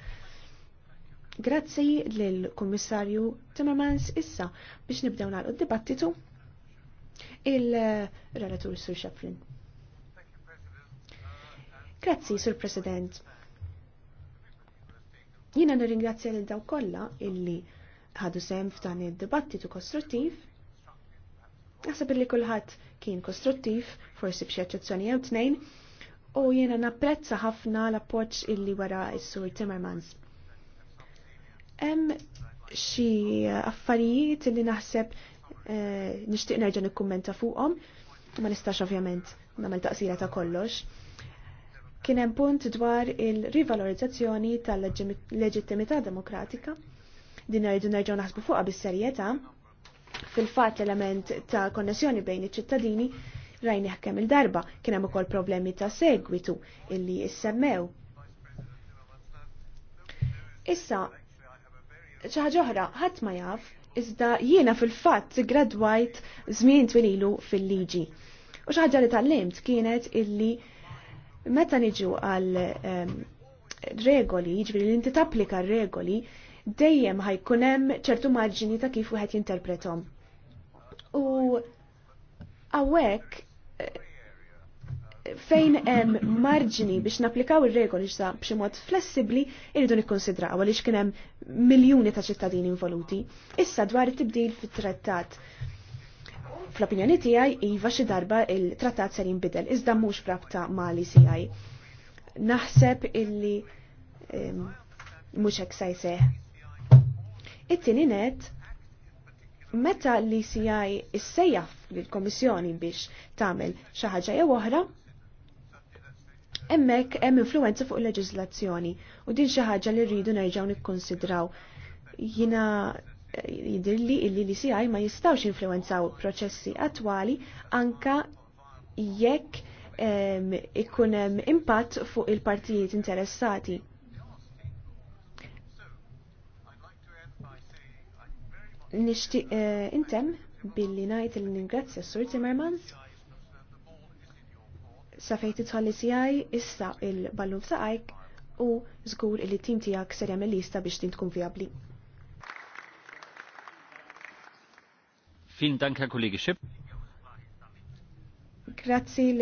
Grazzi lill-Kummissarju Timmermans issa biex nibdew nagħlqu d-dibattitu il-relatur Sur Shefflin. Grazzi, Sur President. Jiena nirringrazzja lil dawk kollha illi ħadu sehem f'dan id-dibattitu kostruttiv. Naħseb li kulħadd kien kostruttiv, forsi b'xi eċċezzjoni jew tnejn, u jiena napprezza ħafna l-appoġġ illi wara s-sur Timmermans. Hemm xi affarijiet illi naħseb eh, nixtieq nerġa' nikkummenta fuqhom, ma nistax ovvjament nagħmel taqsira ta' kollox. Kien hemm punt dwar il-rivalorizzazzjoni tal-leġittimità demokratika din rridu nerġgħu naħsbu fuqha bis-serjetà Fil-fat l-element ta' konnessjoni bejn iċ-ċittadini rajni kemm il-darba kien hemm ukoll problemi ta' segwitu illi jissemmew. Issa, ċaħġa oħra, ħadd ma jaf iżda jiena fil fat gradwajt żmien twililu fil-liġi. U xaħġa li tal-limt kienet illi meta niġu għal ehm, regoli, ġviri li inti tapplika regoli, dejjem ħajkun hemm ċertu marġini ta' kif wieħed jinterpretom. U hawnhekk eh, fejn hemm marġini biex napplikaw ir-regoli sa b'xi mod flessibbli irridu nikkonsidraw għaliex kien hemm miljuni ta' ċittadini involuti. Issa dwar it-tibdil fit-trattat. Fl-opinjoni tiegħi iva xi darba il-trattat ser jinbidel iżda mhux frabta mali CI. Naħseb illi mhux hekk se It-tieni net meta l-ECI issejjaf lill-Komissjoni biex tagħmel xi ħaġa jew oħra, hemmhekk hemm influenza fuq il-leġiżlazzjoni u din xi ħaġa li rridu nerġgħu nikkonsidraw. Jiena jidirli illi l-ECI ma jistawx influenzaw proċessi attwali anka jekk ehm, ikun hemm impatt fuq il-partijiet interessati. Nishtiq eh, intem billi najt l ningrazzja s-Sur Timmermans safejt fejt tħalli sijaj issa il ballum f'saqajk u zgur li tim tijak ser jagħmel lista biex tint tkun fiabli. Fin danka kollegi xib. Schipp. Grazie.